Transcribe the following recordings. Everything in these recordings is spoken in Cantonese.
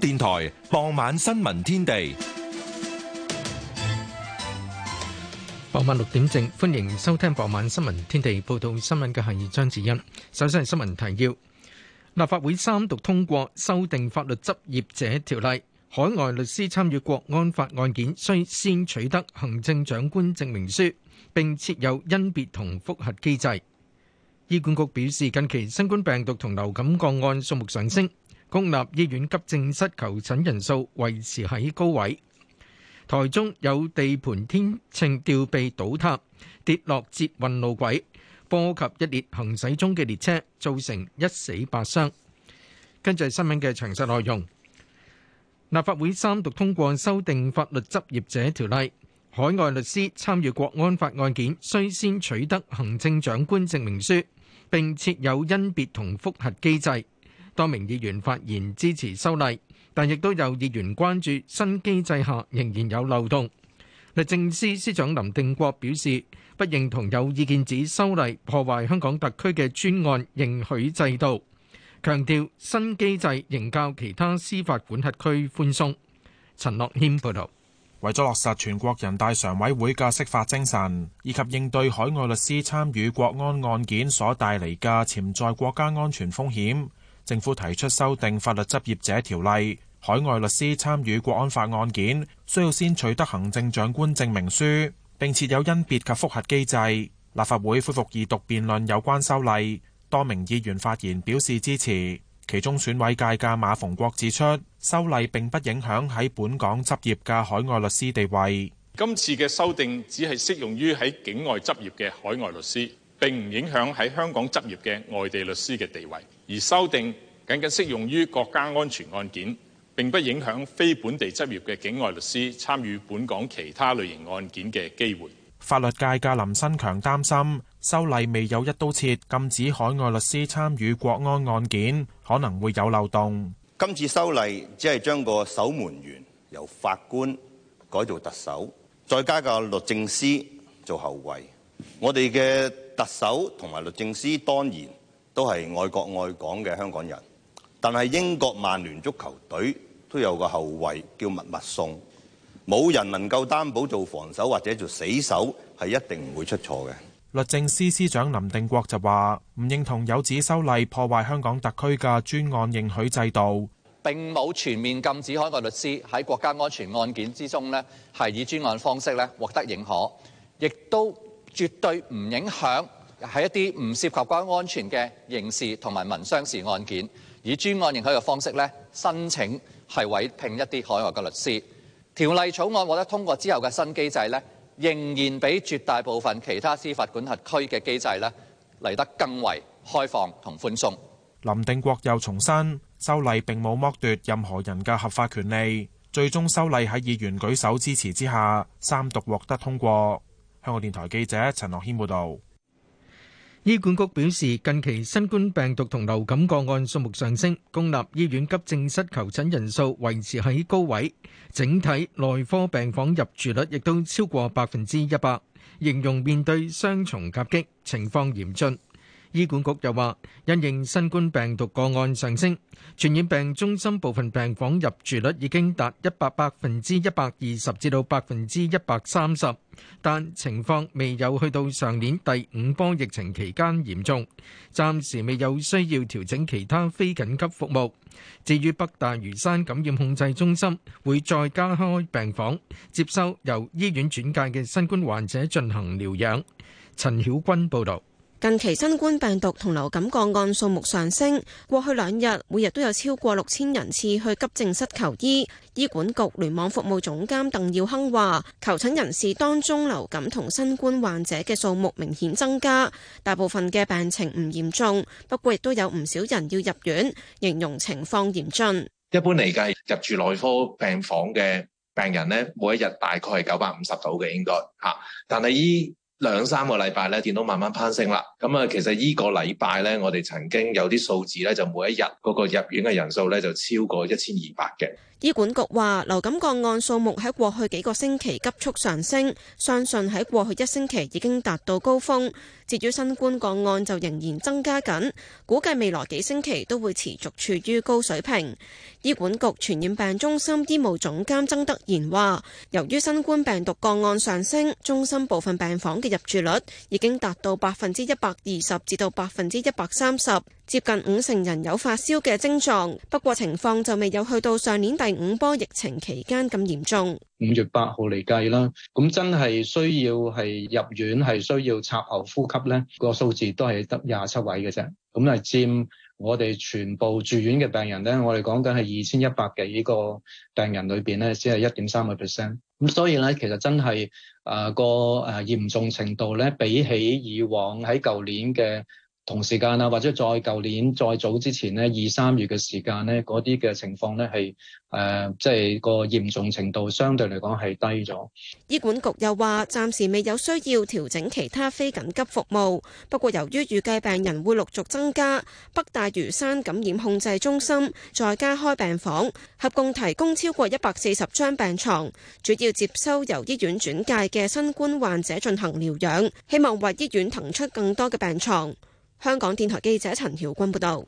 電台傍晚新聞天地，傍晚六點正，歡迎收聽傍晚新聞天地。報道新聞嘅係張子欣。首先係新聞提要：立法會三讀通過修訂法律執業者條例，海外律師參與國安法案件需先取得行政長官證明書，並設有甄別同複核機制。醫管局表示，近期新冠病毒同流感個案數目上升。公立醫院急症室求診人數維持喺高位。台中有地盤天秤吊臂倒塌，跌落捷運路軌，波及一列行駛中嘅列車，造成一死八傷。跟住係新聞嘅詳細內容。立法會三讀通過修訂法律執業者條例，海外律師參與國安法案件，需先取得行政長官證明書，並設有甄別同復核機制。多名議員發言支持修例，但亦都有議員關注新機制下仍然有漏洞。律政司司長林定國表示，不認同有意見指修例破壞香港特區嘅專案認許制度，強調新機制仍較其他司法管轄區寬鬆。陳樂謙報導，為咗落實全國人大常委會嘅釋法精神，以及應對海外律師參與國安案件所帶嚟嘅潛在國家安全風險。政府提出修訂法律執業者條例，海外律師參與國安法案件需要先取得行政長官證明書，並設有甄別及複核機制。立法會恢復二讀辯論有關修例，多名議員發言表示支持。其中，選委界嘅馬逢國指出，修例並不影響喺本港執業嘅海外律師地位。今次嘅修訂只係適用於喺境外執業嘅海外律師，並唔影響喺香港執業嘅外地律師嘅地位。而修訂僅僅適用於國家安全案件，並不影響非本地執業嘅境外律師參與本港其他類型案件嘅機會。法律界嘅林新強擔心修例未有一刀切禁止海外律師參與國安案件，可能會有漏洞。今次修例只係將個守門員由法官改做特首，再加個律政司做後衞。我哋嘅特首同埋律政司當然，都係愛國愛港嘅香港人，但係英國曼聯足球隊都有個後衛叫密密送，冇人能夠擔保做防守或者做死守係一定唔會出錯嘅。律政司司長林定國就話：唔認同有指修例破壞香港特區嘅專案認許制度，並冇全面禁止海外律師喺國家安全案件之中呢係以專案方式呢獲得認可，亦都絕對唔影響。喺一啲唔涉及關安全嘅刑事同埋民商事案件，以專案認許嘅方式咧，申請係委聘一啲海外嘅律師。條例草案獲得通過之後嘅新機制咧，仍然比絕大部分其他司法管轄區嘅機制咧嚟得更為開放同寬鬆。林定國又重申修例並冇剝奪任何人嘅合法權利。最終修例喺議員舉手支持之下三讀獲得通過。香港電台記者陳樂軒報導。醫管局表示，近期新冠病毒同流感個案數目上升，公立醫院急症室求診人數維持喺高位，整體內科病房入住率亦都超過百分之一百，形容面對雙重夾擊，情況嚴峻。醫管局又話，因應新冠病毒個案上升，傳染病中心部分病房入住率已經達一百百分之一百二十至到百分之一百三十，但情況未有去到上年第五波疫情期間嚴重，暫時未有需要調整其他非緊急服務。至於北大嶼山感染控制中心會再加開病房，接收由醫院轉介嘅新冠患者進行療養。陳曉君報導。近期新冠病毒同流感個案數目上升，過去兩日每日都有超過六千人次去急症室求醫。醫管局聯網服務總監鄧耀鏗話，求診人士當中流感同新冠患者嘅數目明顯增加，大部分嘅病情唔嚴重，不過亦都有唔少人要入院，形容情況嚴峻。一般嚟計，入住內科病房嘅病人呢，每一日大概係九百五十度嘅應該吓，但係醫。兩三個禮拜咧，見到慢慢攀升啦。咁、嗯、啊，其實個呢個禮拜咧，我哋曾經有啲數字咧，就每一日嗰個入院嘅人數咧，就超過一千二百嘅。醫管局話流感個案數目喺過去幾個星期急速上升，相信喺過去一星期已經達到高峰。至於新冠個案就仍然增加緊，估計未來幾星期都會持續處於高水平。醫管局傳染病中心醫務總監曾德賢話，由於新冠病毒個案上升，中心部分病房嘅入住率已經達到百分之一百二十至到百分之一百三十，接近五成人有發燒嘅症狀。不過情況就未有去到上年，第五波疫情期間咁嚴重，五月八號嚟計啦，咁真係需要係入院係需要插喉呼吸咧，個數字都係得廿七位嘅啫，咁係佔我哋全部住院嘅病人咧，我哋講緊係二千一百幾個病人裏邊咧，只係一點三個 percent，咁所以咧其實真係啊、呃個誒嚴重程度咧比起以往喺舊年嘅同時間啊，或者在舊年再早之前呢，二三月嘅時間呢，嗰啲嘅情況呢係誒，即係個嚴重程度相對嚟講係低咗。醫管局又話，暫時未有需要調整其他非緊急服務。不過，由於預計病人會陸續增加，北大嶼山感染控制中心再加開病房，合共提供超過一百四十張病床，主要接收由醫院轉介嘅新冠患者進行療養，希望為醫院騰出更多嘅病床。香港電台記者陳曉君報道。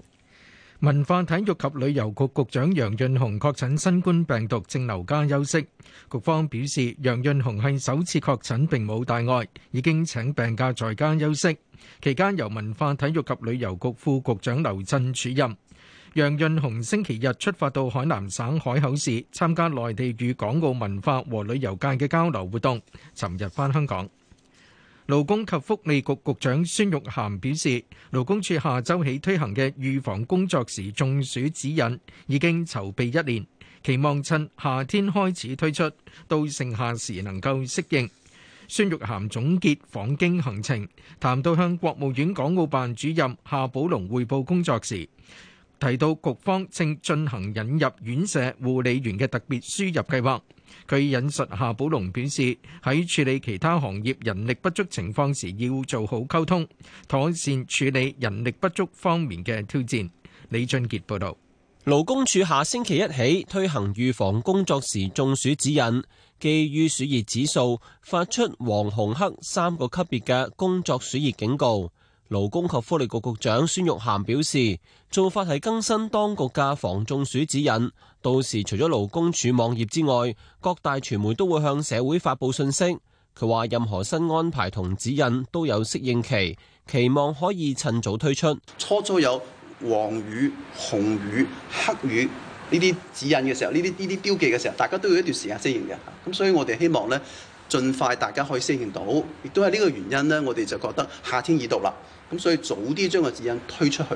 勞工及福利局局長孫玉菡表示，勞工處下週起推行嘅預防工作時中暑指引已經籌備一年，期望趁夏天開始推出，到盛夏時能夠適應。孫玉菡總結訪京行程，談到向國務院港澳辦主任夏寶龍匯報工作時，提到局方正進行引入院舍護理員嘅特別輸入計劃。佢引述夏寶龍表示，喺處理其他行業人力不足情況時，要做好溝通、妥善處理人力不足方面嘅挑戰。李俊傑報導，勞工處下星期一起推行預防工作時中暑指引，基於暑熱指數，發出黃、紅、黑三個級別嘅工作暑熱警告。勞工及福利局局長孫玉菡表示，做法係更新當局嘅防中暑指引。到時除咗勞工處網頁之外，各大傳媒都會向社會發布信息。佢話任何新安排同指引都有適應期，期望可以趁早推出。初初有黃雨、紅雨、黑雨呢啲指引嘅時候，呢啲呢啲標記嘅時候，大家都要一段時間適應嘅。咁所以我哋希望呢，盡快大家可以適應到。亦都係呢個原因呢，我哋就覺得夏天已到啦。咁所以早啲將個指引推出去，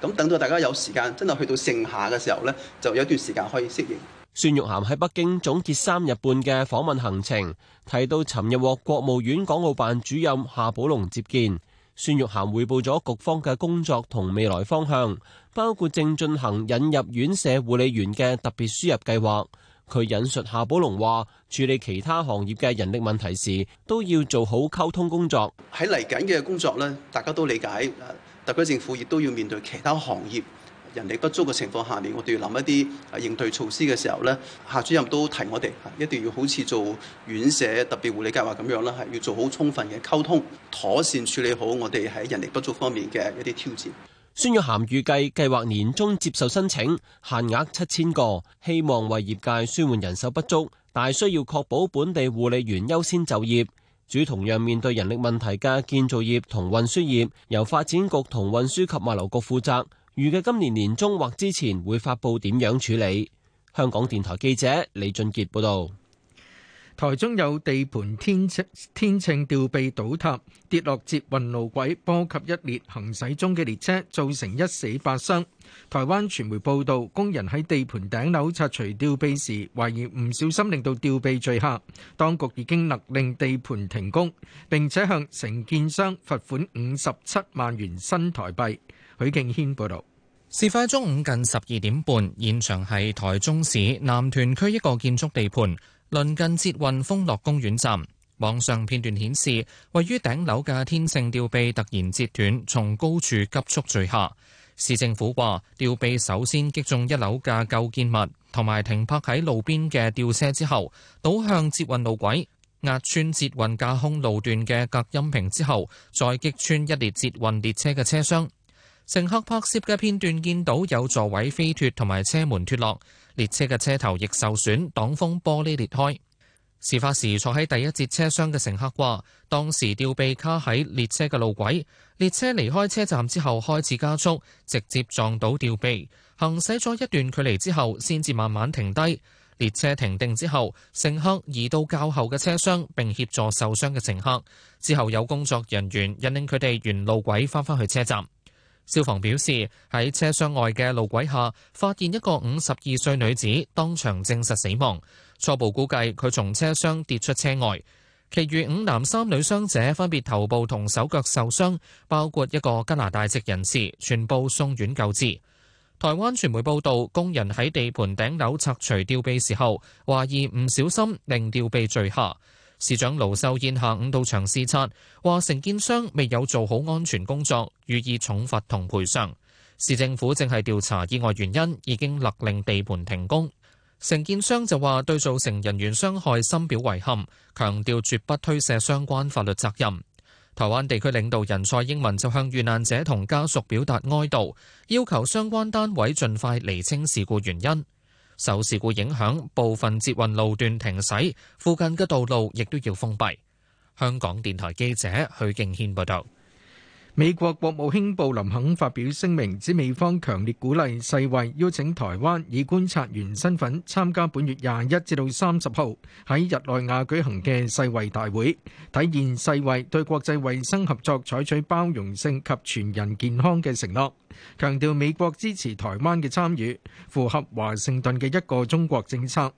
咁等到大家有時間，真係去到盛夏嘅時候呢，就有一段時間可以適應。孫玉菡喺北京總結三日半嘅訪問行程，提到尋日獲國務院港澳辦主任夏寶龍接見，孫玉菡匯報咗局方嘅工作同未來方向，包括正進行引入院舍護理員嘅特別輸入計劃。佢引述夏寶龍話，處理其他行業嘅人力問題時，都要做好溝通工作。喺嚟緊嘅工作咧，大家都理解。特區政府亦都要面對其他行業人力不足嘅情況下面，我哋要諗一啲應對措施嘅時候咧，夏主任都提我哋一定要好似做院舍，特別護理計劃咁樣啦，係要做好充分嘅溝通，妥善處理好我哋喺人力不足方面嘅一啲挑戰。孫玉涵預計計劃年終接受申請，限額七千個，希望為業界舒緩人手不足，但係需要確保本地護理員優先就業。主同樣面對人力問題嘅建造業同運輸業，由發展局同運輸及物流局負責，預計今年年中或之前會發布點樣處理。香港電台記者李俊杰報道。台中有地盤天秤天秤吊臂倒塌，跌落捷運路軌，波及一列行駛中嘅列車，造成一死八傷。台灣傳媒報導，工人喺地盤頂樓拆除吊臂時，懷疑唔小心令到吊臂墜下。當局已經勒令地盤停工，並且向承建商罰款五十七萬元新台幣。許敬軒報導。事發中午近十二點半，現場係台中市南屯區一個建築地盤。鄰近捷運豐樂公園站，網上片段顯示，位於頂樓嘅天性吊臂突然折斷，從高處急速墜下。市政府話，吊臂首先擊中一樓嘅舊建物，同埋停泊喺路邊嘅吊車之後，倒向捷運路軌，壓穿捷運架空路段嘅隔音屏之後，再擊穿一列捷運列車嘅車廂。乘客拍攝嘅片段，見到有座位飛脱同埋車門脱落，列車嘅車頭亦受損，擋風玻璃裂開。事發時坐喺第一節車廂嘅乘客話：當時吊臂卡喺列車嘅路軌，列車離開車站之後開始加速，直接撞到吊臂，行駛咗一段距離之後先至慢慢停低。列車停定之後，乘客移到較後嘅車廂，並協助受傷嘅乘客。之後有工作人員引領佢哋沿路軌返返去車站。消防表示，喺車廂外嘅路軌下發現一個五十二歲女子，當場證實死亡。初步估計佢從車廂跌出車外，其餘五男三女傷者分別頭部同手腳受傷，包括一個加拿大籍人士，全部送院救治。台灣傳媒報道，工人喺地盤頂樓拆除吊臂時候，懷疑唔小心令吊臂墜下。市長盧秀燕下午到場視察，話承建商未有做好安全工作，予以重罰同賠償。市政府正係調查意外原因，已經勒令地盤停工。承建商就話對造成人員傷害深表遺憾，強調絕不推卸相關法律責任。台灣地區領導人蔡英文就向遇難者同家屬表達哀悼，要求相關單位盡快釐清事故原因。受事故影響，部分捷運路段停駛，附近嘅道路亦都要封閉。香港電台記者許敬軒報導。美國國務卿布林肯發表聲明，指美方強烈鼓勵世衛邀請台灣以觀察員身份參加本月廿一至到三十號喺日內瓦舉行嘅世衛大會，體現世衛對國際衞生合作採取包容性及全人健康嘅承諾，強調美國支持台灣嘅參與，符合華盛頓嘅一個中國政策。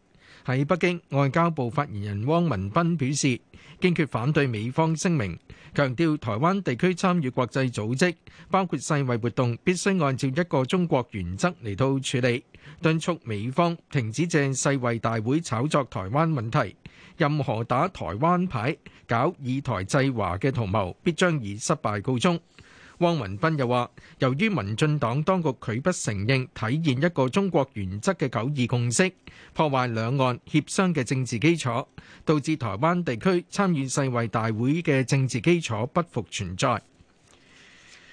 喺北京，外交部發言人汪文斌表示。堅決反對美方聲明，強調台灣地區參與國際組織，包括世衛活動，必須按照一個中國原則嚟到處理。敦促美方停止借世衛大會炒作台灣問題，任何打台灣牌、搞以台制華嘅圖謀，必將以失敗告終。汪文斌又話，由於民進黨當局拒不承認體現一個中國原則嘅九二共識，破壞兩岸協商嘅政治基礎，導致台灣地區參與世衛大會嘅政治基礎不復存在。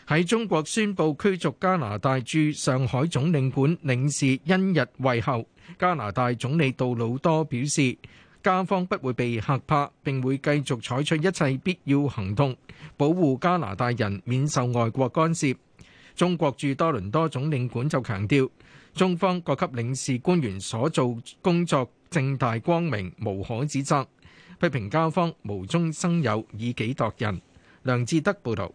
喺中國宣布驅逐加拿大駐上海總領館領事恩日惠後，加拿大總理杜魯多表示，加方不會被嚇怕，並會繼續採取一切必要行動，保護加拿大人免受外國干涉。中國駐多倫多總領館就強調，中方各級領事官員所做工作正大光明，無可指責，批評加方無中生有，以己度人。梁志德報導。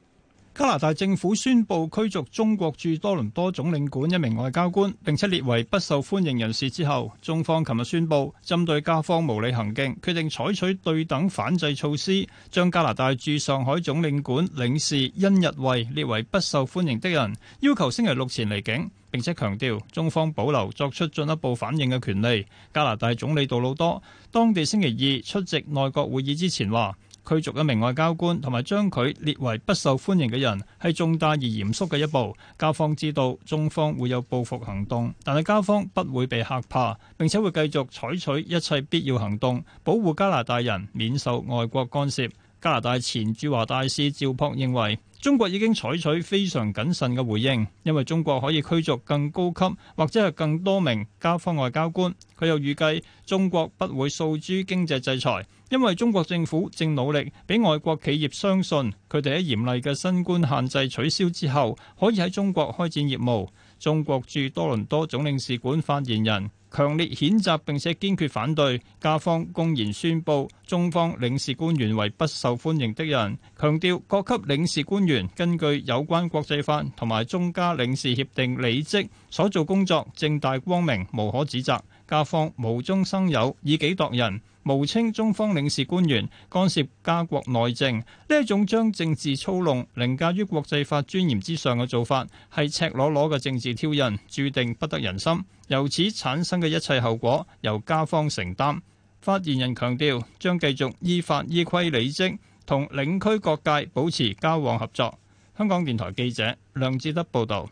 加拿大政府宣布驅逐中國駐多倫多總領館一名外交官，並且列為不受歡迎人士之後，中方琴日宣布針對加方無理行徑，決定採取對等反制措施，將加拿大駐上海總領館領事甄逸慧列為不受歡迎的人，要求星期六前離境，並且強調中方保留作出進一步反應嘅權利。加拿大總理杜魯多當地星期二出席內閣會議之前話。驅逐一名外交官同埋將佢列為不受歡迎嘅人，係重大而嚴肅嘅一步。加方知道中方會有報復行動，但係加方不會被嚇怕，並且會繼續採取一切必要行動，保護加拿大人免受外國干涉。加拿大前駐華大使趙樸認為。中國已經採取非常謹慎嘅回應，因為中國可以驅逐更高級或者係更多名加方外交官。佢又預計中國不會訴諸經濟制裁，因為中國政府正努力俾外國企業相信，佢哋喺嚴厲嘅新冠限制取消之後，可以喺中國開展業務。中國駐多倫多總領事館發言人。強烈譴責並且堅決反對，加方公然宣布中方領事官員為不受歡迎的人，強調各級領事官員根據有關國際法同埋中加領事協定履職所做工作正大光明，無可指責。加方無中生有，以己度人。誣稱中方領事官員干涉加國內政，呢一種將政治操弄凌駕於國際法尊嚴之上嘅做法，係赤裸裸嘅政治挑釁，注定不得人心。由此產生嘅一切後果，由加方承擔。發言人強調，將繼續依法依規履職，同領區各界保持交往合作。香港電台記者梁志德報道。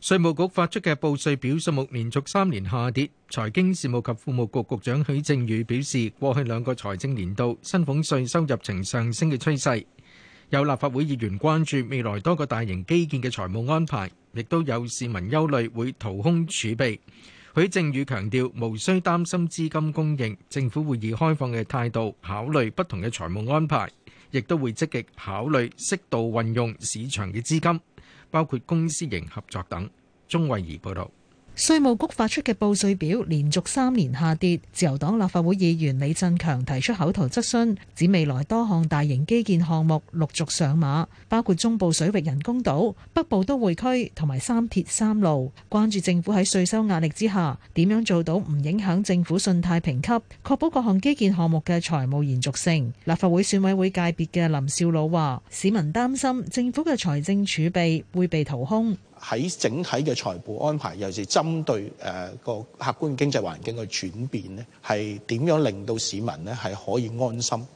稅務局發出嘅報稅表數目連續三年下跌，財經事務及庫務局局長許正宇表示，過去兩個財政年度，薪俸稅收入呈上升嘅趨勢。有立法會議員關注未來多個大型基建嘅財務安排，亦都有市民憂慮會掏空儲備。許正宇強調，無需擔心資金供應，政府會以開放嘅態度考慮不同嘅財務安排，亦都會積極考慮適度運用市場嘅資金。包括公私營合作等。鍾慧儀報道。稅務局發出嘅報稅表連續三年下跌，自由黨立法會議員李振強提出口頭質詢，指未來多項大型基建項目陸續上馬，包括中部水域人工島、北部都會區同埋三鐵三路，關注政府喺稅收壓力之下點樣做到唔影響政府信貸評級，確保各項基建項目嘅財務延續性。立法會選委會界別嘅林少魯話，市民擔心政府嘅財政儲備會被掏空。喺整體嘅財務安排，尤其是針對個客觀嘅經濟環境嘅轉變，係點樣令到市民呢係可以安心，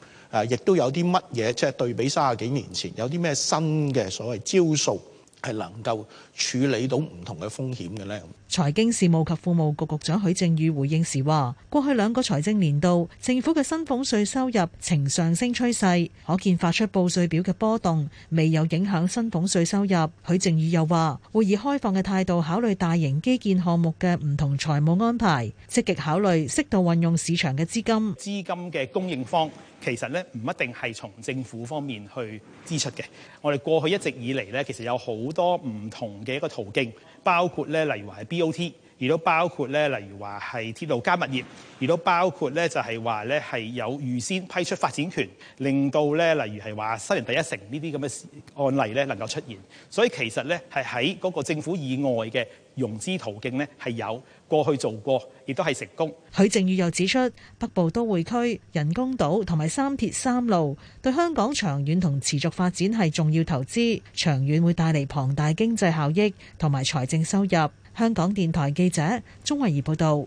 亦都有啲乜嘢，即係對比三十幾年前，有啲咩新嘅所謂招數係能夠處理到唔同嘅風險嘅呢。財經事務及副務局庫務局局長許正宇回應時話：過去兩個財政年度，政府嘅薪俸稅收入呈上升趨勢，可見發出報稅表嘅波動未有影響薪俸稅收入。許正宇又話：會以開放嘅態度考慮大型基建項目嘅唔同財務安排，積極考慮適度運用市場嘅資金。資金嘅供應方其實呢，唔一定係從政府方面去支出嘅。我哋過去一直以嚟呢，其實有好多唔同。嘅一個途徑，包括咧，例如話係 BOT，亦都包括咧，例如話係鐵路加物業，亦都包括咧，就係話咧係有預先批出發展權，令到咧，例如係話新人第一城呢啲咁嘅案例咧能夠出現，所以其實咧係喺嗰個政府以外嘅。融資途徑呢係有過去做過，亦都係成功。許正宇又指出，北部都會區人工島同埋三鐵三路對香港長遠同持續發展係重要投資，長遠會帶嚟龐大經濟效益同埋財政收入。香港電台記者鍾慧儀報道。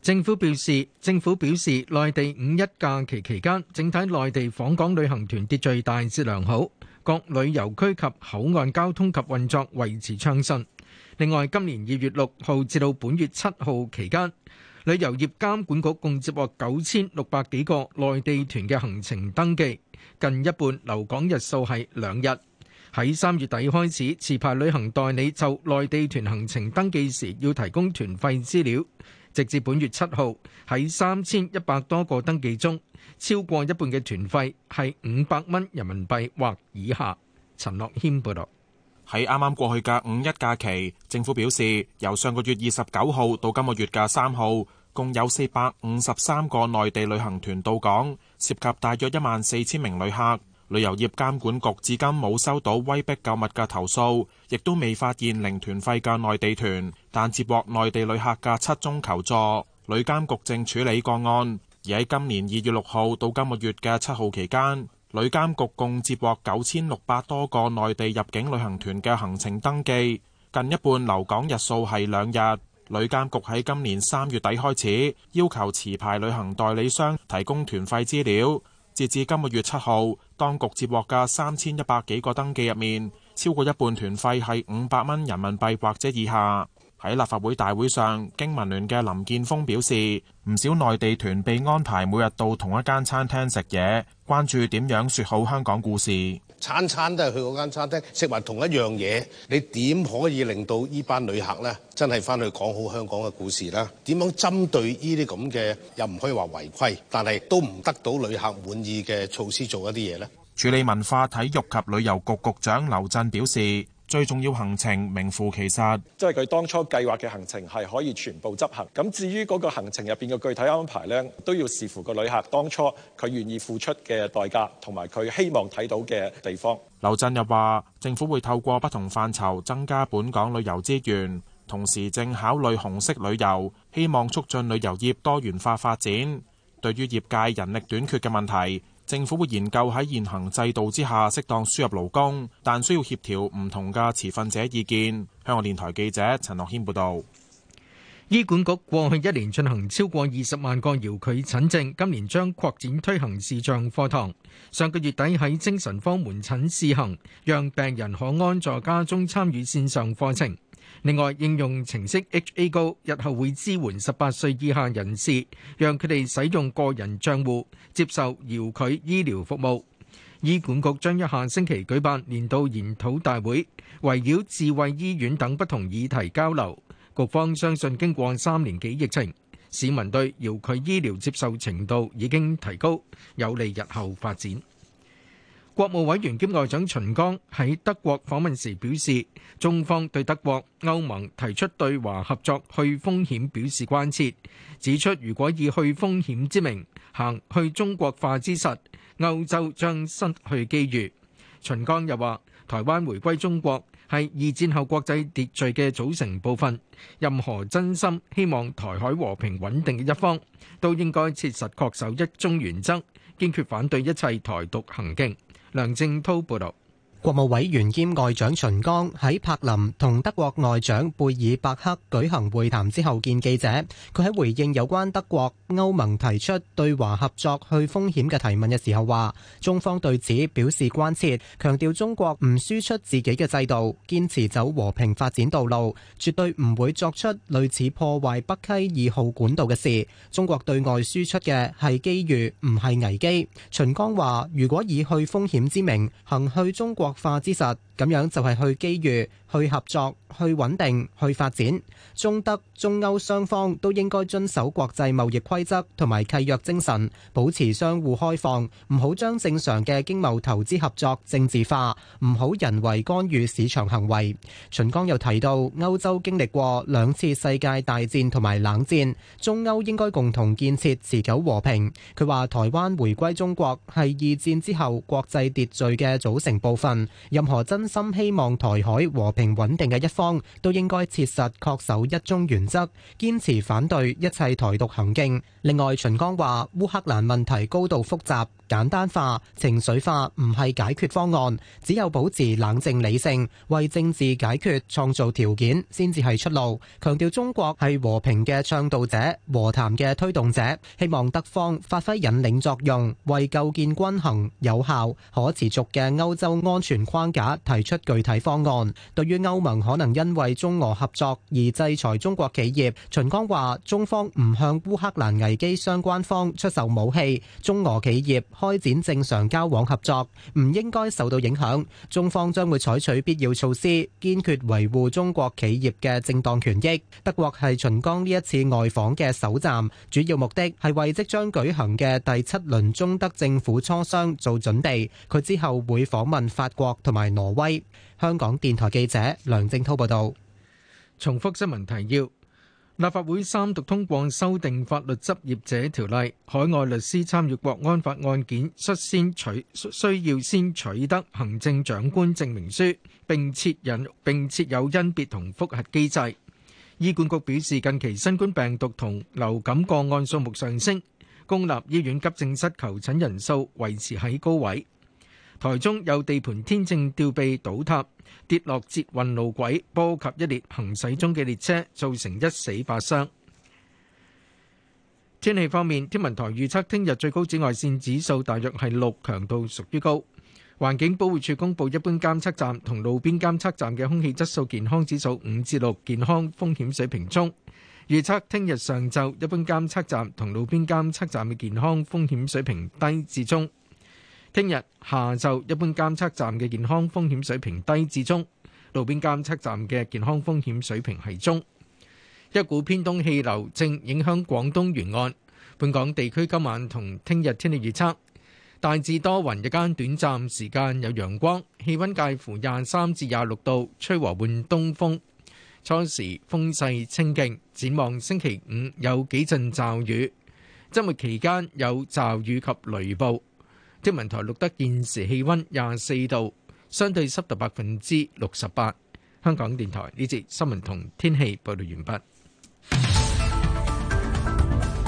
政府表示，政府表示，內地五一假期期間，整體內地訪港旅行團秩序大致良好，各旅遊區及口岸交通及運作維持暢順。另外，今年二月六號至到本月七號期間，旅遊業監管局共接獲九千六百幾個內地團嘅行程登記，近一半留港日數係兩日。喺三月底開始，持牌旅行代理就內地團行程登記時要提供團費資料。直至本月七號，喺三千一百多個登記中，超過一半嘅團費係五百蚊人民幣或以下。陳樂軒報導。喺啱啱過去嘅五一假期，政府表示由上個月二十九號到今個月嘅三號，共有四百五十三個內地旅行團到港，涉及大約一萬四千名旅客。旅遊業監管局至今冇收到威逼購物嘅投訴，亦都未發現零團費嘅內地團，但接獲內地旅客嘅七宗求助，旅監局正處理個案。而喺今年二月六號到今個月嘅七號期間，旅監局共接獲九千六百多個內地入境旅行團嘅行程登記，近一半留港日數係兩日。旅監局喺今年三月底開始要求持牌旅行代理商提供團費資料，截至今個月七號，當局接獲嘅三千一百幾個登記入面，超過一半團費係五百蚊人民幣或者以下。喺立法會大會上，經民聯嘅林建峰表示，唔少內地團被安排每日到同一間餐廳食嘢，關注點樣説好香港故事。餐餐都係去嗰間餐廳食埋同一樣嘢，你點可以令到依班旅客呢真係翻去講好香港嘅故事咧？點樣針對呢啲咁嘅，又唔可以話違規，但係都唔得到旅客滿意嘅措施，做一啲嘢呢？處理文化體育及旅遊局局長劉震表示。最重要行程名副其實，即係佢當初計劃嘅行程係可以全部執行。咁至於嗰個行程入邊嘅具體安排咧，都要視乎個旅客當初佢願意付出嘅代價，同埋佢希望睇到嘅地方。劉振又話：政府會透過不同範疇增加本港旅遊資源，同時正考慮紅色旅遊，希望促進旅遊業多元化發展。對於業界人力短缺嘅問題，政府會研究喺現行制度之下適當輸入勞工，但需要協調唔同嘅持份者意見。香港電台記者陳樂軒報導。醫管局過去一年進行超過二十萬個遙距診症，今年將擴展推行視像課堂。上個月底喺精神科門診試行，讓病人可安在家中參與線上課程。另外，應用程式 H A Go 日後會支援十八歲以下人士，讓佢哋使用個人帳戶接受遙距醫療服務。醫管局將於下星期舉辦年度研討大會，圍繞智慧醫院等不同議題交流。局方相信，經過三年幾疫情，市民對遙距醫療接受程度已經提高，有利日後發展。國務委員兼外長秦剛喺德國訪問時表示，中方對德國、歐盟提出對華合作去風險表示關切，指出如果以去風險之名行去中國化之實，歐洲將失去機遇。秦剛又話，台灣回歸中國係二戰後國際秩序嘅組成部分，任何真心希望台海和平穩定嘅一方，都應該切實恪守一中原則，堅決反對一切台獨行徑。梁振濤報道。國務委員兼外長秦剛喺柏林同德國外長貝爾伯克舉行會談之後見記者，佢喺回應有關德國歐盟提出對華合作去風險嘅提問嘅時候話：中方對此表示關切，強調中國唔輸出自己嘅制度，堅持走和平發展道路，絕對唔會作出類似破壞北溪二號管道嘅事。中國對外輸出嘅係機遇，唔係危機。秦剛話：如果以去風險之名，行去中國惡化之實。咁樣就係去機遇、去合作、去穩定、去發展。中德、中歐雙方都應該遵守國際貿易規則同埋契約精神，保持相互開放，唔好將正常嘅經貿投資合作政治化，唔好人為干預市場行為。秦剛又提到，歐洲經歷過兩次世界大戰同埋冷戰，中歐應該共同建設持久和平。佢話：台灣回歸中國係二戰之後國際秩序嘅組成部分，任何真心希望台海和平穩定嘅一方，都應該切實恪守一中原則，堅持反對一切台獨行徑。另外，秦剛話：烏克蘭問題高度複雜。簡單化、情緒化唔係解決方案，只有保持冷靜理性，為政治解決創造條件，先至係出路。強調中國係和平嘅倡導者、和談嘅推動者，希望德方發揮引領作用，為構建均衡、有效、可持續嘅歐洲安全框架提出具體方案。對於歐盟可能因為中俄合作而制裁中國企業，秦剛話：中方唔向烏克蘭危機相關方出售武器，中俄企業，開展正常交往合作唔應該受到影響，中方將會採取必要措施，堅決維護中國企業嘅正當權益。德國係秦剛呢一次外訪嘅首站，主要目的係為即將舉行嘅第七輪中德政府磋商做準備。佢之後會訪問法國同埋挪威。香港電台記者梁正滔報導。重複新聞提要。立法會三讀通過修訂法律執業者條例。海外律師參與國安法案件，率先取需要先取得行政長官證明書，並設引並設有甄別同複核機制。醫管局表示，近期新冠病毒同流感個案數目上升，公立醫院急症室求診人數維持喺高位。台中有地盤天正吊臂倒塌，跌落捷運路軌，波及一列行駛中嘅列車，造成一死八傷。天氣方面，天文台預測聽日最高紫外線指數大約係六，強度屬於高。環境保護署公布一般監測站同路邊監測站嘅空氣質素健康指數五至六，健康風險水平中。預測聽日上晝一般監測站同路邊監測站嘅健康風險水平低至中。聽日下晝，一般監測站嘅健康風險水平低至中；路邊監測站嘅健康風險水平係中。一股偏東氣流正影響廣東沿岸，本港地區今晚同聽日天氣預測大致多雲，日間短暫時間有陽光，氣温介乎廿三至廿六度，吹和緩東風，初時風勢清勁。展望星期五有幾陣驟雨，周末期間有驟雨及雷暴。天文台錄得現時氣溫廿四度，相對濕度百分之六十八。香港電台呢節新聞同天氣報道完畢。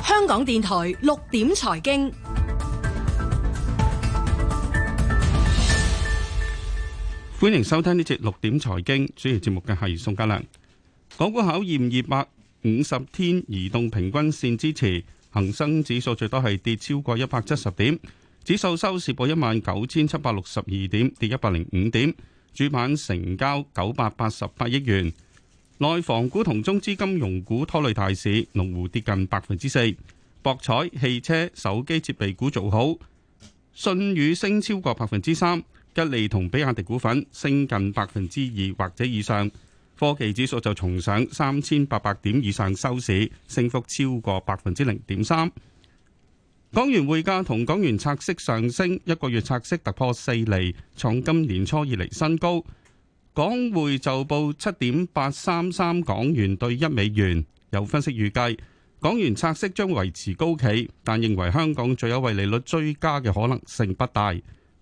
香港電台六點財經，歡迎收聽呢節六點財經，主持節目嘅係宋嘉良。港股考驗二百五十天移動平均線支持，恒生指數最多係跌超過一百七十點。指數收市報一萬九千七百六十二點，跌一百零五點，主板成交九百八十八億元。內房股同中資金融股拖累大市，龍湖跌近百分之四，博彩、汽車、手機設備股做好，舜宇升超過百分之三，吉利同比亞迪股份升近百分之二或者以上。科技指數就重上三千八百點以上收市，升幅超過百分之零點三。港元匯價同港元拆息上升，一個月拆息突破四厘，創今年初以嚟新高。港匯就報七點八三三港元兌一美元。有分析預計，港元拆息將維持高企，但認為香港最優惠利率追加嘅可能性不大。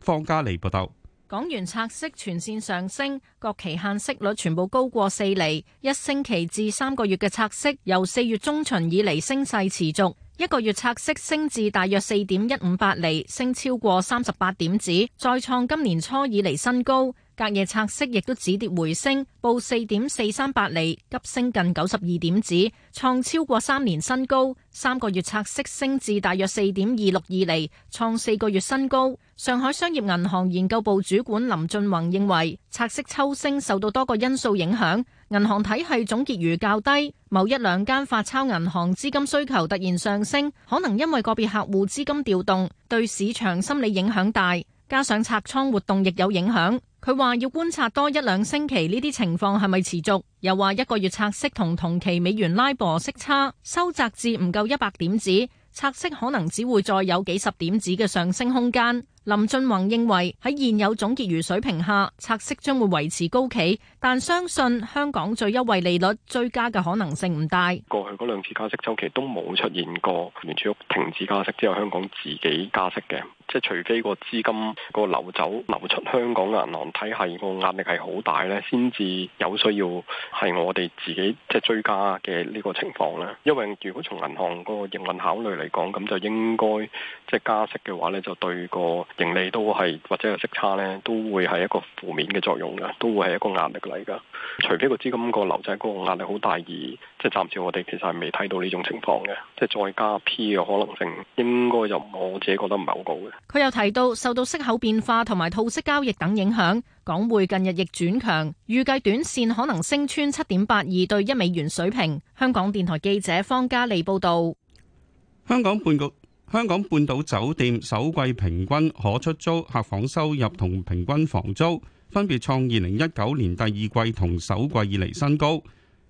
方家利報道。港元拆息全線上升，各期限息率全部高過四厘。一星期至三個月嘅拆息由四月中旬以嚟升勢持續，一個月拆息升至大約四點一五八厘，升超過三十八點子，再創今年初以嚟新高。隔夜拆息亦都止跌回升，報四點四三八厘，急升近九十二點子，創超過三年新高。三個月拆息升至大約四點二六二厘，創四個月新高。上海商業銀行研究部主管林俊宏認為，拆息抽升受到多個因素影響，銀行體系總結餘較低，某一兩間發鈔銀行資金需求突然上升，可能因為個別客戶資金調動，對市場心理影響大，加上拆倉活動亦有影響。佢話要觀察多一兩星期呢啲情況係咪持續，又話一個月拆息同同期美元拉博息差收窄至唔夠一百點子，拆息可能只會再有幾十點子嘅上升空間。林俊宏認為喺現有總結餘水平下，拆息將會維持高企，但相信香港最優惠利率追加嘅可能性唔大。過去嗰兩次加息周期都冇出現過聯儲局停止加息之後香港自己加息嘅，即係除非個資金個流走流出香港銀行體系個壓力係好大咧，先至有需要係我哋自己即係追加嘅呢個情況咧。因為如果從銀行嗰個營運考慮嚟講，咁就應該即係加息嘅話咧，就對個盈利都係或者個息差咧，都會係一個負面嘅作用嘅，都會係一個壓力嚟噶。除非個資金個流滯嗰個壓力好大，而即係暫時我哋其實係未睇到呢種情況嘅，即係再加 P 嘅可能性應該就我自己覺得唔係好高嘅。佢又提到受到息口變化同埋套息交易等影響，港匯近日亦轉強，預計短線可能升穿七點八二對一美元水平。香港電台記者方嘉莉報道。香港半局。香港半島酒店首季平均可出租客房收入同平均房租分別創二零一九年第二季同首季以嚟新高。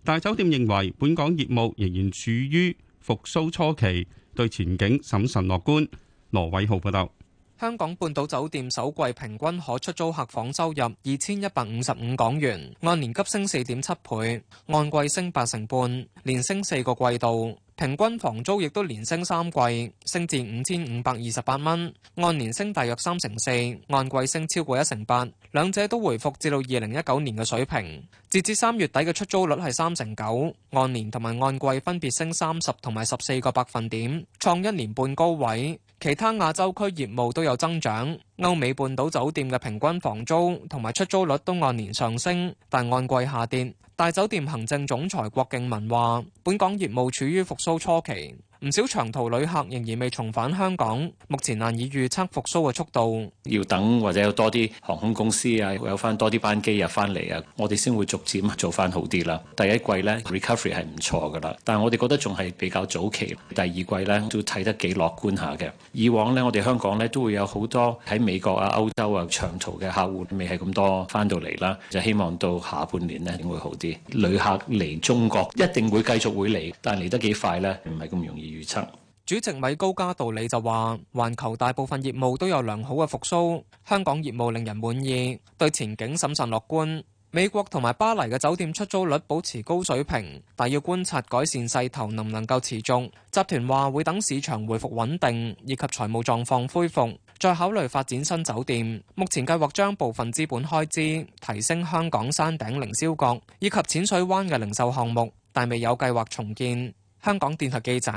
大酒店認為本港業務仍然處於復甦初期，對前景審慎樂觀。羅偉浩報道。香港半島酒店首季平均可出租客房收入二千一百五十五港元，按年急升四點七倍，按季升八成半，連升四個季度。平均房租亦都連升三季，升至五千五百二十八蚊，按年升大約三成四，按季升超過一成八，兩者都回復至到二零一九年嘅水平。截至三月底嘅出租率係三成九，按年同埋按季分別升三十同埋十四個百分點，創一年半高位。其他亞洲區業務都有增長，歐美半島酒店嘅平均房租同埋出租率都按年上升，但按季下跌。大酒店行政總裁郭敬文話：本港業務處於復蘇初期。唔少長途旅客仍然未重返香港，目前難以預測復甦嘅速度。要等或者有多啲航空公司啊，有翻多啲班機啊翻嚟啊，我哋先會逐漸做翻好啲啦。第一季咧 recovery 係唔錯㗎啦，但係我哋覺得仲係比較早期。第二季咧都睇得幾樂觀下嘅。以往呢，我哋香港呢，都會有好多喺美國啊、歐洲啊長途嘅客戶，未係咁多翻到嚟啦。就希望到下半年呢，會好啲。旅客嚟中國一定會繼續會嚟，但係嚟得幾快呢，唔係咁容易。預測主席米高加道理就話環球大部分業務都有良好嘅復甦，香港業務令人滿意，對前景審慎樂觀。美國同埋巴黎嘅酒店出租率保持高水平，但要觀察改善勢頭能唔能夠持續。集團話會等市場回復穩定，以及財務狀況恢復，再考慮發展新酒店。目前計劃將部分資本開支提升香港山頂凌霄閣以及淺水灣嘅零售項目，但未有計劃重建。香港電台記者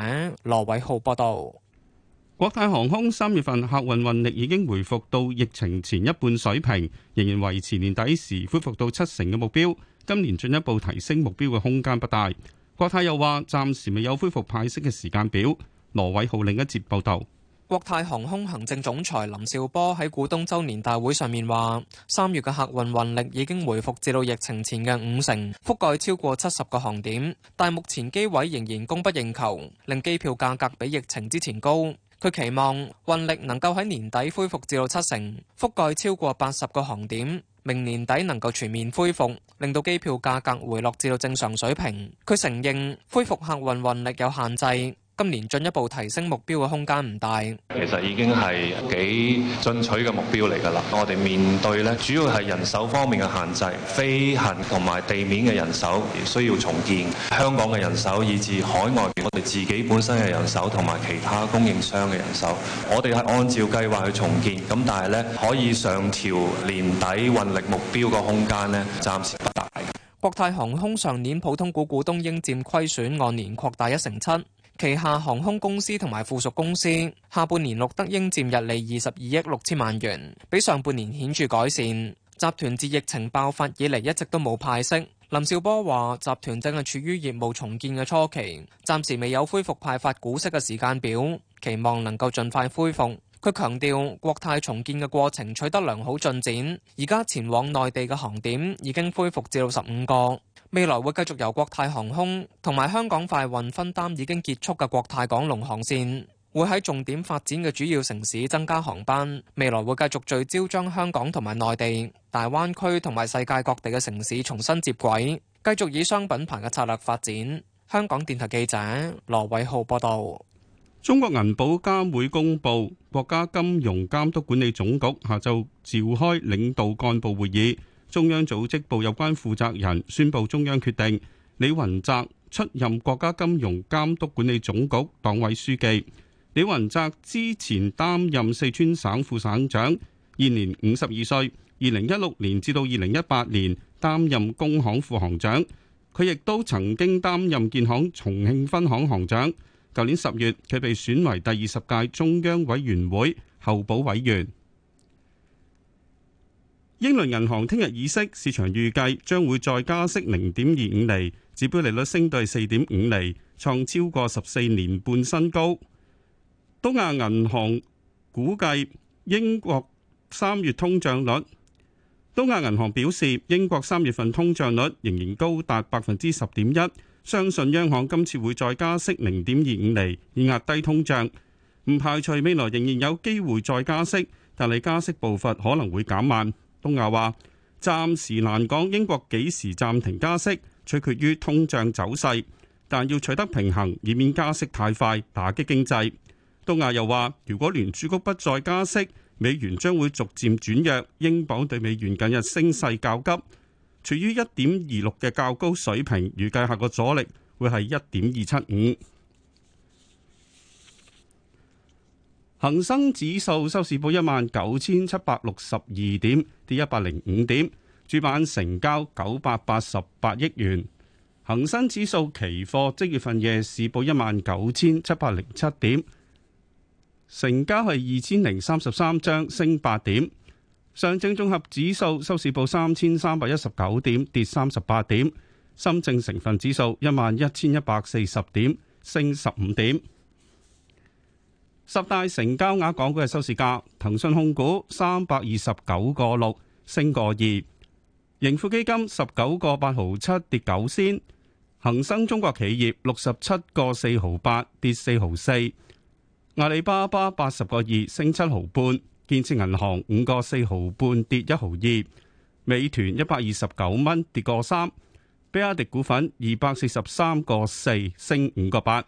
羅偉浩報道：國泰航空三月份客運運力已經回復到疫情前一半水平，仍然維持年底時恢復到七成嘅目標。今年進一步提升目標嘅空間不大。國泰又話暫時未有恢復派息嘅時間表。羅偉浩另一節報道。國泰航空行政總裁林紹波喺股東周年大會上面話：三月嘅客運運力已經回復至到疫情前嘅五成，覆蓋超過七十個航點，但目前機位仍然供不應求，令機票價格比疫情之前高。佢期望運力能夠喺年底恢復至到七成，覆蓋超過八十個航點，明年底能夠全面恢復，令到機票價格回落至到正常水平。佢承認恢復客運運力有限制。今年進一步提升目標嘅空間唔大，其實已經係幾進取嘅目標嚟㗎啦。我哋面對呢，主要係人手方面嘅限制，飛行同埋地面嘅人手需要重建。香港嘅人手以至海外我哋自己本身嘅人手同埋其他供應商嘅人手，我哋係按照計劃去重建。咁但係呢，可以上調年底運力目標個空間呢，暫時不大。國泰航空上年普通股股東應佔虧損按年擴大一成七。旗下航空公司同埋附屬公司下半年錄得應佔溢利二十二億六千萬元，比上半年顯著改善。集團自疫情爆發以嚟一直都冇派息。林紹波話：集團正係處於業務重建嘅初期，暫時未有恢復派發股息嘅時間表，期望能夠盡快恢復。佢強調，國泰重建嘅過程取得良好進展，而家前往內地嘅航點已經恢復至十五個。未來會繼續由國泰航空同埋香港快運分擔已經結束嘅國泰港龍航線，會喺重點發展嘅主要城市增加航班。未來會繼續聚焦將香港同埋內地、大灣區同埋世界各地嘅城市重新接軌，繼續以雙品牌嘅策略發展。香港電台記者羅偉浩報道。中國銀保監會公布，國家金融監督管理總局下晝召開領導幹部會議。中央組織部有關負責人宣布中央決定，李雲澤出任國家金融監督管理總局黨委書記。李雲澤之前擔任四川省副省長，現年五十二歲。二零一六年至到二零一八年擔任工行副行長，佢亦都曾經擔任建行重慶分行行長。舊年十月，佢被選為第二十屆中央委員會候補委員。英倫銀行聽日議息，市場預計將會再加息零點二五厘，指標利率升至四點五厘，創超過十四年半新高。東亞銀行估計英國三月通脹率。東亞銀行表示，英國三月份通脹率仍然高達百分之十點一，相信央行今次會再加息零點二五厘，以壓低通脹。唔排除未來仍然有機會再加息，但係加息步伐可能會減慢。東亞話暫時難講英國幾時暫停加息，取決於通脹走勢，但要取得平衡，以免加息太快打擊經濟。東亞又話，如果聯儲局不再加息，美元將會逐漸轉弱，英鎊對美元近日升勢較急，處於一點二六嘅較高水平，預計下個阻力會係一點二七五。恒生指數收市報一萬九千七百六十二點，跌一百零五點。主板成交九百八十八億元。恒生指數期貨即月份夜市報一萬九千七百零七點，成交係二千零三十三張，升八點。上證綜合指數收市報三千三百一十九點，跌三十八點。深證成分指數一萬一千一百四十點，升十五點。十大成交額港股嘅收市價，騰訊控股三百二十九個六升個二，盈富基金十九個八毫七跌九仙，恒生中國企業六十七個四毫八跌四毫四，阿里巴巴八十個二升七毫半，建設銀行五個四毫半跌一毫二，美團一百二十九蚊跌個三，比亞迪股份二百四十三個四升五個八。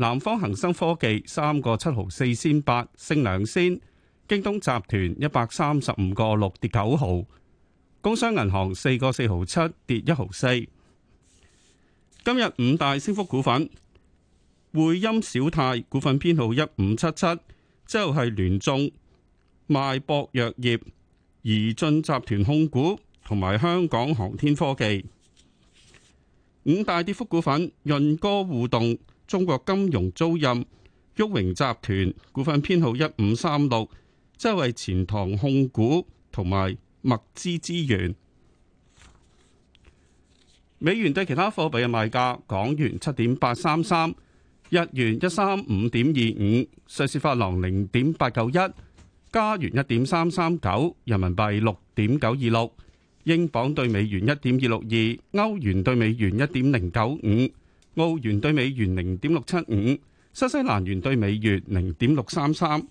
南方恒生科技三個七毫四仙八升兩仙，京東集團一百三十五個六跌九毫，工商銀行四個四毫七跌一毫四。今日五大升幅股份，匯鑫小貸股份編號一五七七，之後係聯眾、邁博藥業、怡俊集團控股同埋香港航天科技。五大跌幅股份，潤歌互動。中國金融租賃、旭榮集團股份編號一五三六、即為錢塘控股同埋麥資資源。美元對其他貨幣嘅賣價：港元七點八三三，日元一三五點二五，瑞士法郎零點八九一，加元一點三三九，人民幣六點九二六，英鎊兌美元一點二六二，歐元兌美元一點零九五。澳元兌美元零點六七五，新西蘭元兌美元零點六三三。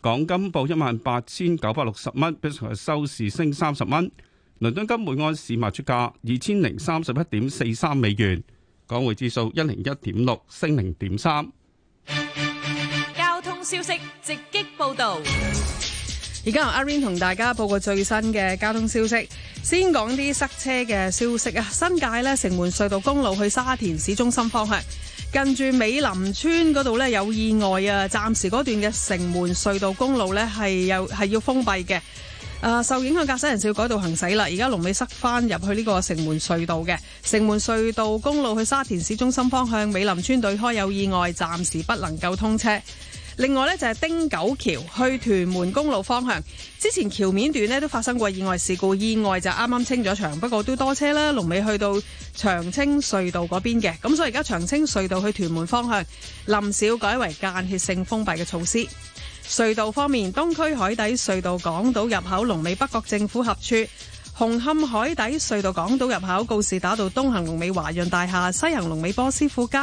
港金報一萬八千九百六十蚊，比上日收市升三十蚊。倫敦金每盎司賣出價二千零三十一點四三美元。港匯指數一零一點六，升零點三。交通消息直擊報道。而家由阿 rain 同大家報個最新嘅交通消息。先講啲塞車嘅消息啊，新界咧城門隧道公路去沙田市中心方向，近住美林村嗰度咧有意外啊，暫時嗰段嘅城門隧道公路咧係又係要封閉嘅。誒、呃，受影響駕駛人士要改道行駛啦。而家龍尾塞翻入去呢個城門隧道嘅城門隧道公路去沙田市中心方向，美林村對開有意外，暫時不能夠通車。另外咧，就係汀九橋去屯門公路方向，之前橋面段咧都發生過意外事故，意外就啱啱清咗場，不過都多車啦。龍尾去到長青隧道嗰邊嘅，咁所以而家長青隧道去屯門方向，臨時改為間歇性封閉嘅措施。隧道方面，東區海底隧道港島入口龍尾北角政府合處。紅磡海底隧道港島入口告士打道東行龍尾華潤大廈，西行龍尾波斯富街。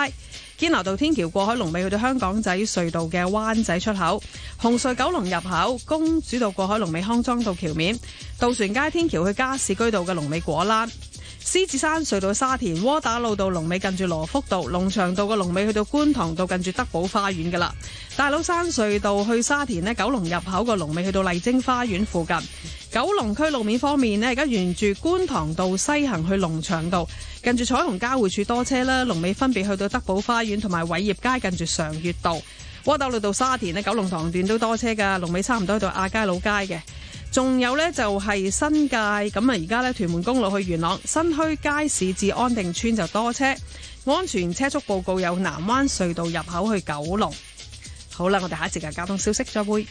堅拿道天橋過海龍尾去到香港仔隧道嘅灣仔出口。紅隧九龍入口公主道過海龍尾康莊道橋面。渡船街天橋去加士居道嘅龍尾果欄。獅子山隧道沙田窩打老道龍尾近住羅福道，龍翔道嘅龍尾去到觀塘道近住德寶花園噶啦。大老山隧道去沙田呢九龍入口個龍尾去到麗晶花園附近。九龍區路面方面咧，而家沿住觀塘道西行去龍翔道，近住彩虹交匯處多車啦。龍尾分別去到德寶花園同埋偉業街，近住常悅道、窩打老道到沙田咧九龍塘段都多車噶，龍尾差唔多去到亞皆老街嘅。仲有呢，就係、是、新界，咁啊而家呢，屯門公路去元朗、新墟街市至安定村就多車。安全車速報告有南灣隧道入口去九龍。好啦，我哋下一節嘅交通消息，再會。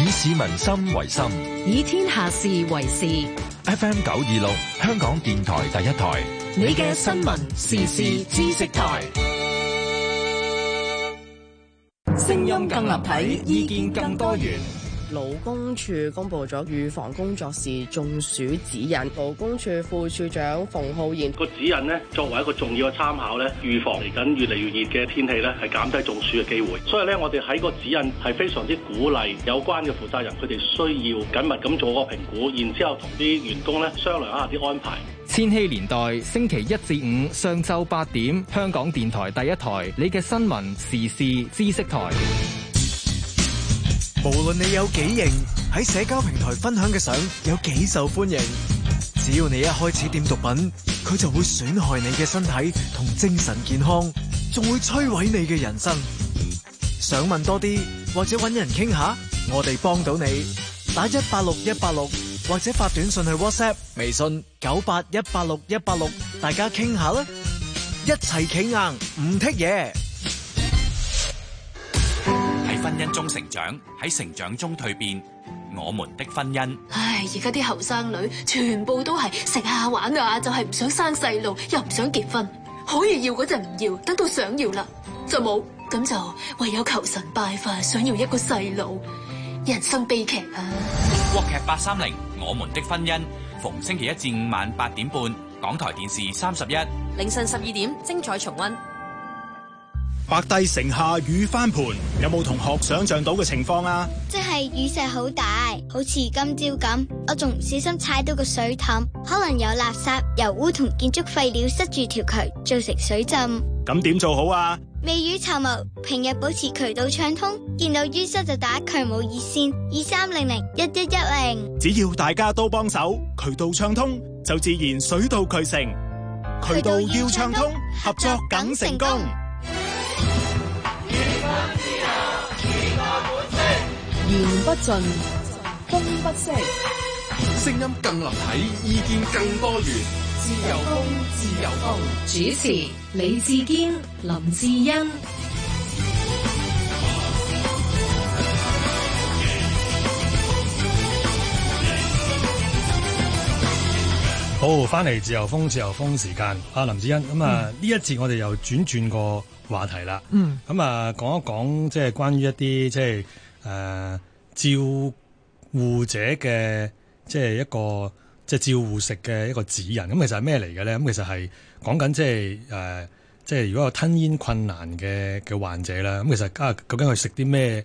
以市民心為心，以天下事為事。FM 九二六，香港電台第一台，你嘅新聞時事知識台，聲音更立體，意見更多元。勞工處公布咗預防工作時中暑指引，勞工處副處長馮浩然，個指引咧，作為一個重要嘅參考咧，預防嚟緊越嚟越熱嘅天氣咧，係減低中暑嘅機會。所以咧，我哋喺個指引係非常之鼓勵有關嘅負責人，佢哋需要緊密咁做個評估，然之後同啲員工咧商量一下啲安排。千禧年代星期一至五上晝八點，香港電台第一台，你嘅新聞時事知識台。無論你有幾型，喺社交平台分享嘅相有幾受歡迎，只要你一開始點毒品，佢就會損害你嘅身體同精神健康，仲會摧毀你嘅人生。想問多啲或者揾人傾下，我哋幫到你。打一八六一八六或者發短信去 WhatsApp、微信九八一八六一八六，大家傾下啦，一齊企硬唔踢嘢。婚姻中成長，喺成長中蛻變。我們的婚姻，唉，而家啲後生女全部都係食下玩下，就係唔想生細路，又唔想結婚，可以要嗰陣唔要，等到想要啦就冇，咁就唯有求神拜佛，想要一個細路，人生悲劇啊！國劇八三零《我們的婚姻》，逢星期一至五晚八點半，港台電視三十一，凌晨十二點精彩重温。白帝城下雨翻盤，有冇同學想象到嘅情況啊？即係雨勢好大，好似今朝咁。我仲唔小心踩到個水凼，可能有垃圾、油污同建築廢料塞住條渠，造成水浸。咁點做好啊？未雨綢繆，平日保持渠道暢通，見到淤塞就打渠務熱線二三零零一一一零。只要大家都幫手，渠道暢通就自然水到渠成。渠道要暢通，合作梗成功。言不盡，風不息，聲音更立體，意見更多元自。自由風，自由風。主持李志堅、林志恩。好，翻嚟自由風，自由風時間。阿、啊、林志恩，咁啊呢一節我哋又轉轉個話題啦。嗯，咁啊講一講，即係關於一啲即係。誒、呃、照顧者嘅即係一個即係照顧食嘅一個指引，咁其實係咩嚟嘅咧？咁其實係講緊即係誒，即係如果有吞咽困難嘅嘅患者啦，咁其實啊究竟佢食啲咩？